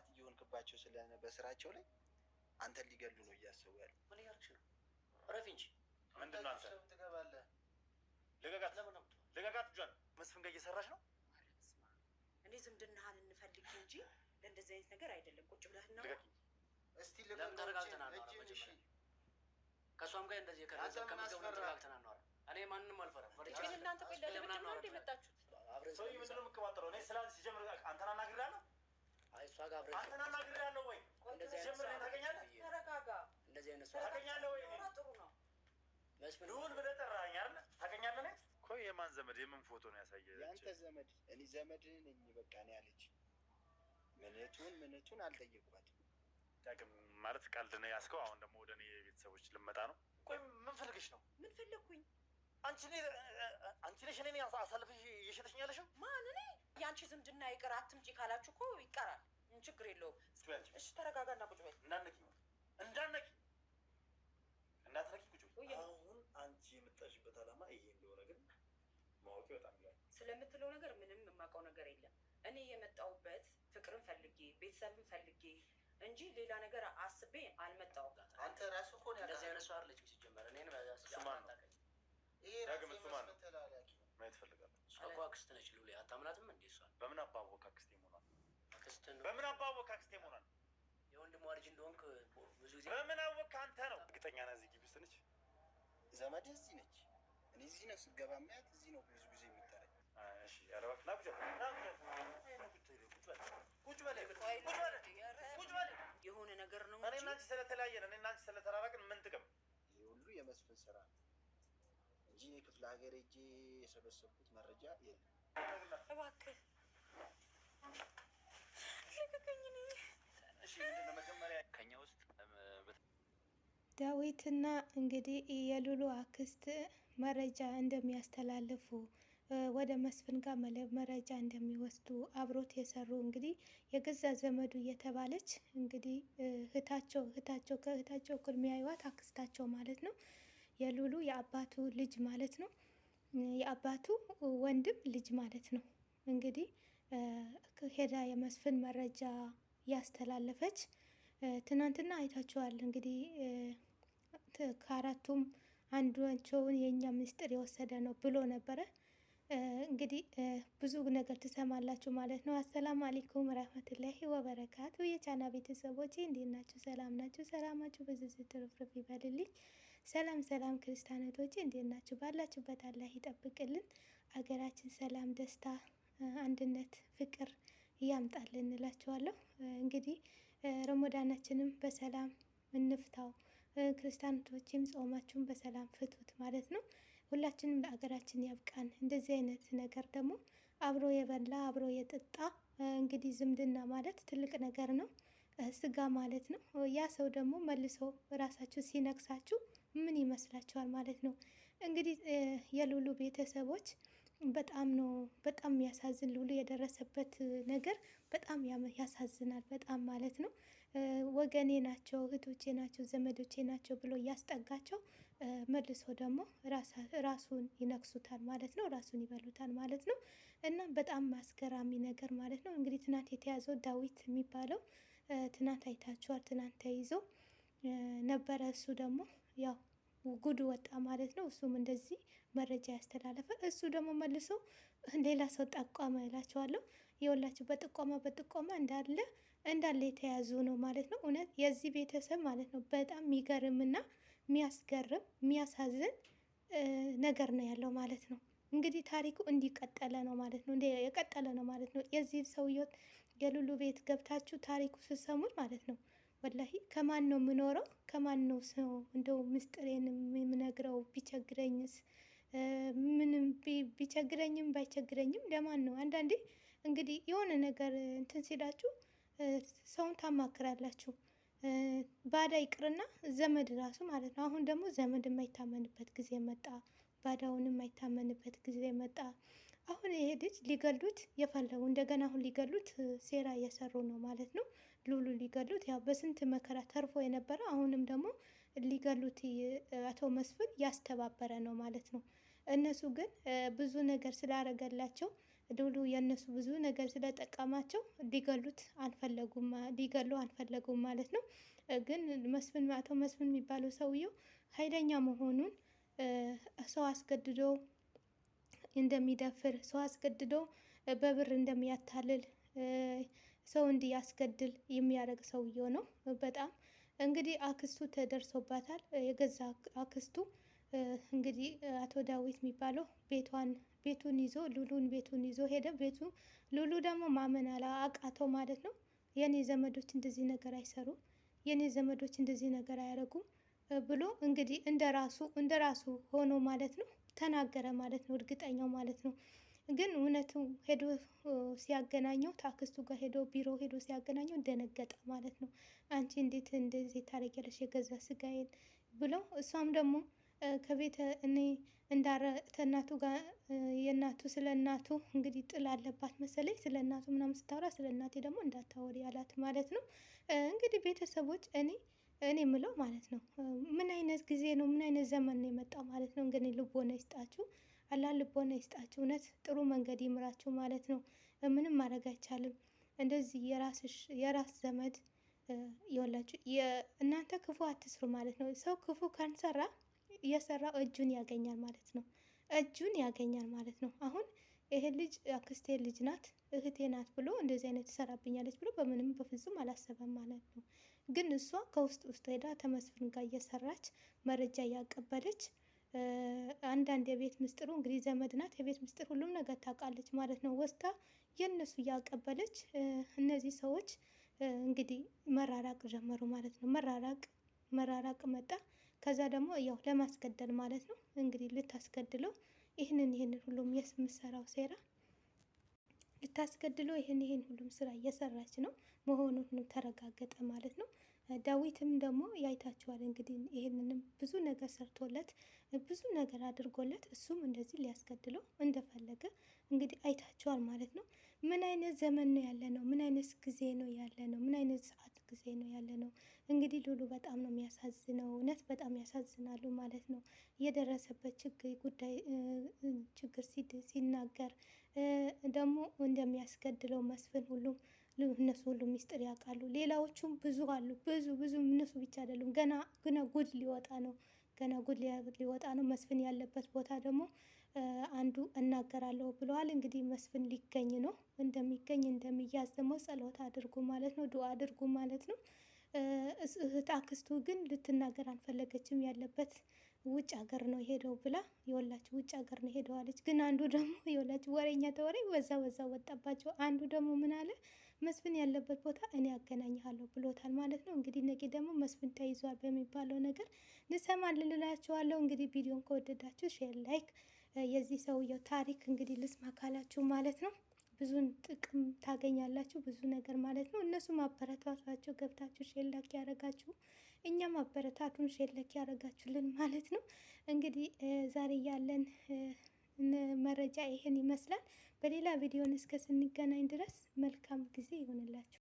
እንቅፋት እየሆንክባቸው ስለሆነ በስራቸው ላይ አንተን ሊገሉ ነው እያሰቡ ያሉ። ምን እያደረግሽ ነው? እረፍ እንጂ ምንድን ነው አንተ ትገባለህ? ልቀቃት፣ ልቀቃት። እጇን መስፍን ጋር እየሰራች ነው። እኔ ዝምድናህን እንፈልግ እንጂ ለእንደዚህ አይነት ነገር አይደለም። ቁጭ ነው እስቲ ለምን ተረጋግተናል? ከእሷም ጋር እንደዚህ ከረዘብ ከመዘብ ተረጋግተናል ነው እኔ ማንንም አልፈራም። እናንተ ቆይ ለድብድብ ነው እንደ መጣችሁት። ሰውዬ ምንድን ነው የምትቀባጠረው? እኔ ስላንተ ሲጀምር አንተን አናግሬሃለሁ ጋር ነው የማን ዘመድ የምን ፎቶ ነው ያሳየህ? የአንተ ዘመድ እኔ ዘመድህ ነኝ በቃ ነው ያለች። ምንቱን ምንቱን አልጠየቅኳትም። ማለት ቀልድ ነው ያዝከው። አሁን ደግሞ ወደ እኔ ቤተሰቦች ልመጣ ነው። ቆይ ምን ፈልግሽ ነው? ምን ፈለግኩኝ? አንቺ ነሽ እኔ አሳልፈሽ እየሸጠሽኝ ያለሽው? ማን እኔ? የአንቺ ዝምድና ይቅር አትምጪ ካላችሁ እኮ ይቀራል። ችግር የለውም። እሺ ተረጋጋ እና ቁጭ በይ። እንዳነቂ እንዳነቂ እንዳትነቂ ቁጭ በይ። አሁን አንቺ የምትጠሽበት ዓላማ ይሄ እንደሆነ ግን ማወቂ በጣም ስለምትለው ነገር ምንም የማውቀው ነገር የለም። እኔ የመጣሁበት ፍቅርን ፈልጌ ቤተሰብን ፈልጌ እንጂ ሌላ ነገር አስቤ አልመጣሁም። አንተ ራሱ እኮ እንደዚህ አይነት ሰው አለች ሲጀመር እኔን ማየት ፈልጋለሁ እኮ አክስት ነች ሉላ አታምናትም እንዴ? እሷን በምን አባወቀ በምን አባወቅ አክስቴ መሆኗል የወንድሟ ልጅ እንደሆንክ ብዙ ጊዜ በምን አወቅ አንተ ነው እርግጠኛ ነህ? እዚህ ግቢ ውስጥ ነች፣ ዘመድ እዚህ ነች። እኔ እዚህ ነው ስገባ ማያት እዚህ ነው ብዙ ጊዜ የሚጠረኝ። የሆነ ነገር ነው። እኔ እናንቺ ስለተለያየን፣ እኔ እናንቺ ስለተራራቅን ምን ጥቅም? ይህ ሁሉ የመስፍን ስራ ነው እንጂ ክፍለ ሀገር ሄጄ የሰበሰብኩት መረጃ የለም። እባክህ ዳዊትና እንግዲህ የሉሉ አክስት መረጃ እንደሚያስተላልፉ ወደ መስፍን ጋር መረጃ እንደሚወስዱ አብሮት የሰሩ እንግዲህ የገዛ ዘመዱ እየተባለች እንግዲህ እህታቸው እህታቸው ከእህታቸው እኩል የሚያዩዋት አክስታቸው ማለት ነው። የሉሉ የአባቱ ልጅ ማለት ነው። የአባቱ ወንድም ልጅ ማለት ነው እንግዲህ ሄዳ የመስፍን መረጃ ያስተላለፈች ትናንትና አይታችኋል። እንግዲህ ከአራቱም አንዳቸውን የእኛ ምስጢር የወሰደ ነው ብሎ ነበረ። እንግዲህ ብዙ ነገር ትሰማላችሁ ማለት ነው። አሰላሙ አሌይኩም ረህመቱላሂ ወበረካቱ የቻና ቤተሰቦቼ እንዴት ናችሁ? ሰላም ናችሁ? ሰላማችሁ ብዙ ስትርፍርፍ ይበልልኝ። ሰላም ሰላም ክርስቲያኖቶቼ እንዴት ናችሁ? ባላችሁበት አላህ ይጠብቅልን። ሀገራችን ሰላም፣ ደስታ አንድነት፣ ፍቅር እያምጣልን እላችኋለሁ። እንግዲህ ረመዳናችንም በሰላም እንፍታው። ክርስቲያኖችም ጾማችሁን በሰላም ፍቱት ማለት ነው። ሁላችንም ለአገራችን ያብቃን። እንደዚህ አይነት ነገር ደግሞ አብሮ የበላ አብሮ የጠጣ እንግዲህ ዝምድና ማለት ትልቅ ነገር ነው። ስጋ ማለት ነው። ያ ሰው ደግሞ መልሶ ራሳችሁ ሲነክሳችሁ ምን ይመስላችኋል ማለት ነው። እንግዲህ የሉሉ ቤተሰቦች በጣም ነው በጣም የሚያሳዝን ልውል የደረሰበት ነገር በጣም ያሳዝናል። በጣም ማለት ነው ወገኔ ናቸው እህቶቼ ናቸው ዘመዶቼ ናቸው ብሎ እያስጠጋቸው መልሶ ደግሞ ራሱን ይነክሱታል ማለት ነው። ራሱን ይበሉታል ማለት ነው። እና በጣም አስገራሚ ነገር ማለት ነው። እንግዲህ ትናንት የተያዘው ዳዊት የሚባለው ትናንት አይታችኋል። ትናንት ተይዞ ነበረ። እሱ ደግሞ ያው ጉድ ወጣ ማለት ነው። እሱም እንደዚህ መረጃ ያስተላለፈ እሱ ደግሞ መልሶ ሌላ ሰው ጠቋመ እላቸዋለሁ። የወላችሁ በጥቆማ በጥቆማ እንዳለ እንዳለ የተያዙ ነው ማለት ነው። እውነት የዚህ ቤተሰብ ማለት ነው በጣም የሚገርምና የሚያስገርም የሚያሳዝን ነገር ነው ያለው ማለት ነው። እንግዲህ ታሪኩ እንዲቀጠለ ነው ማለት ነው። የቀጠለ ነው ማለት ነው። የዚህ ሰውየው የሉሉ ቤት ገብታችሁ ታሪኩ ስሰሙት ማለት ነው ወላሂ ከማን ነው የምኖረው? ከማን ነው ሰው እንደው ምስጢሬን የምነግረው? ቢቸግረኝስ ምንም ቢቸግረኝም ባይቸግረኝም ለማን ነው? አንዳንዴ እንግዲህ የሆነ ነገር እንትን ሲላችሁ ሰውን ታማክራላችሁ። ባዳ ይቅርና ዘመድ ራሱ ማለት ነው። አሁን ደግሞ ዘመድ የማይታመንበት ጊዜ መጣ። ባዳውን የማይታመንበት ጊዜ መጣ። አሁን ይሄ ልጅ ሊገሉት የፈለጉ እንደገና አሁን ሊገሉት ሴራ እየሰሩ ነው ማለት ነው። ሉሉ ሊገሉት ያው በስንት መከራ ተርፎ የነበረ አሁንም ደግሞ ሊገሉት አቶ መስፍን ያስተባበረ ነው ማለት ነው። እነሱ ግን ብዙ ነገር ስላረገላቸው ሉሉ የእነሱ ብዙ ነገር ስለጠቀማቸው ሊገሉት አልፈለጉም፣ ሊገሉ አልፈለጉም ማለት ነው። ግን መስፍን አቶ መስፍን የሚባለው ሰውየው ኃይለኛ መሆኑን ሰው አስገድዶ እንደሚደፍር ሰው አስገድዶ በብር እንደሚያታልል ሰው እንዲያስገድል የሚያደርግ ሰውየው ነው። በጣም እንግዲህ አክስቱ ተደርሶባታል። የገዛ አክስቱ እንግዲህ አቶ ዳዊት የሚባለው ቤቷን ቤቱን ይዞ ሉሉን ቤቱን ይዞ ሄደ። ቤቱ ሉሉ ደግሞ ማመን አቃተው ማለት ነው። የኔ ዘመዶች እንደዚህ ነገር አይሰሩም፣ የኔ ዘመዶች እንደዚህ ነገር አያደርጉም ብሎ እንግዲህ እንደራሱ እንደራሱ ሆኖ ማለት ነው ተናገረ ማለት ነው። እርግጠኛው ማለት ነው ግን እውነቱ ሄዶ ሲያገናኘው ታክስቱ ጋር ሄዶ ቢሮ ሄዶ ሲያገናኘው ደነገጠ ማለት ነው። አንቺ እንዴት እንደዚህ ታደርጊያለሽ የገዛ ስጋዬን ብለው እሷም ደግሞ ከቤተ እኔ እንዳረ ከእናቱ ጋር የእናቱ ስለ እናቱ እንግዲህ ጥል አለባት መሰለኝ ስለ እናቱ ምናም ስታወራ ስለ እናቴ ደግሞ እንዳታወሪ ያላት ማለት ነው። እንግዲህ ቤተሰቦች እኔ እኔ የምለው ማለት ነው ምን አይነት ጊዜ ነው ምን አይነት ዘመን ነው የመጣው ማለት ነው። እንግዲህ ልቦና ይስጣችሁ። አላህ ልቦና ይስጣችሁ። እውነት ጥሩ መንገድ ይምራችሁ ማለት ነው። ምንም ማድረግ አይቻልም። እንደዚህ የራስ ዘመድ የወላችሁ እናንተ ክፉ አትስሩ ማለት ነው። ሰው ክፉ ካልሰራ እየሰራው እጁን ያገኛል ማለት ነው። እጁን ያገኛል ማለት ነው። አሁን ይሄ ልጅ አክስቴ ልጅ ናት እህቴ ናት ብሎ እንደዚህ አይነት ትሰራብኛለች ብሎ በምንም በፍጹም አላሰበም ማለት ነው። ግን እሷ ከውስጥ ውስጥ ሄዳ ተመስፍን ጋር እየሰራች መረጃ እያቀበለች አንዳንድ የቤት ምስጢሩ እንግዲህ ዘመድ ናት የቤት ምስጢር ሁሉም ነገር ታውቃለች ማለት ነው። ወስታ የእነሱ እያቀበለች እነዚህ ሰዎች እንግዲህ መራራቅ ጀመሩ ማለት ነው። መራራቅ መራራቅ መጣ። ከዛ ደግሞ ያው ለማስገደል ማለት ነው እንግዲህ ልታስገድለው ይህንን ይህንን ሁሉም የምሰራው ሴራ ልታስገድለው ይህን ይህን ሁሉም ስራ እየሰራች ነው መሆኑን ተረጋገጠ ማለት ነው። ዳዊትም ደግሞ ያይታችኋል እንግዲህ ይህንንም ብዙ ነገር ሰርቶለት ብዙ ነገር አድርጎለት እሱም እንደዚህ ሊያስገድለው እንደፈለገ እንግዲህ አይታችኋል ማለት ነው። ምን አይነት ዘመን ነው ያለ ነው? ምን አይነት ጊዜ ነው ያለ ነው? ምን አይነት ሰዓት ጊዜ ነው ያለ ነው? እንግዲህ ሉሉ በጣም ነው የሚያሳዝነው። እውነት በጣም ያሳዝናሉ ማለት ነው። የደረሰበት ችግር ጉዳይ ችግር ሲናገር ደግሞ እንደሚያስገድለው መስፍን ሁሉም እነሱ ሁሉ ሚስጥር ያውቃሉ። ሌላዎቹም ብዙ አሉ። ብዙ ብዙ እነሱ ብቻ አይደሉም። ገና ግን ጉድ ሊወጣ ነው። ገና ጉድ ሊወጣ ነው። መስፍን ያለበት ቦታ ደግሞ አንዱ እናገራለሁ ብለዋል። እንግዲህ መስፍን ሊገኝ ነው። እንደሚገኝ እንደሚያዝ ደግሞ ጸሎት አድርጉ ማለት ነው። ዱአ አድርጉ ማለት ነው። እህት አክስቱ ግን ልትናገር አልፈለገችም። ያለበት ውጭ ሀገር ነው ሄደው ብላ የወላችሁ ውጭ ሀገር ነው ሄደዋለች። ግን አንዱ ደግሞ የወላችሁ ወሬኛ ተወሬ በዛ በዛ ወጣባቸው። አንዱ ደግሞ ምን አለ መስፍን ያለበት ቦታ እኔ አገናኝሃለሁ ብሎታል ማለት ነው። እንግዲህ ነገ ደግሞ መስፍን ተይዟል በሚባለው ነገር ልሰማ ልልላችኋለሁ። እንግዲህ ቪዲዮን ከወደዳችሁ ሼር፣ ላይክ የዚህ ሰውየው ታሪክ እንግዲህ ልስማ ካላችሁ ማለት ነው ብዙን ጥቅም ታገኛላችሁ ብዙ ነገር ማለት ነው። እነሱ አበረታቷቸው ገብታችሁ ሼር ያደረጋችሁ እኛ ማበረታቱን ሼር ያደረጋችሁልን ማለት ነው። እንግዲህ ዛሬ ያለን መረጃ ይህን ይመስላል። በሌላ ቪዲዮን እስከ ስንገናኝ ድረስ መልካም ጊዜ ይሆንላችሁ።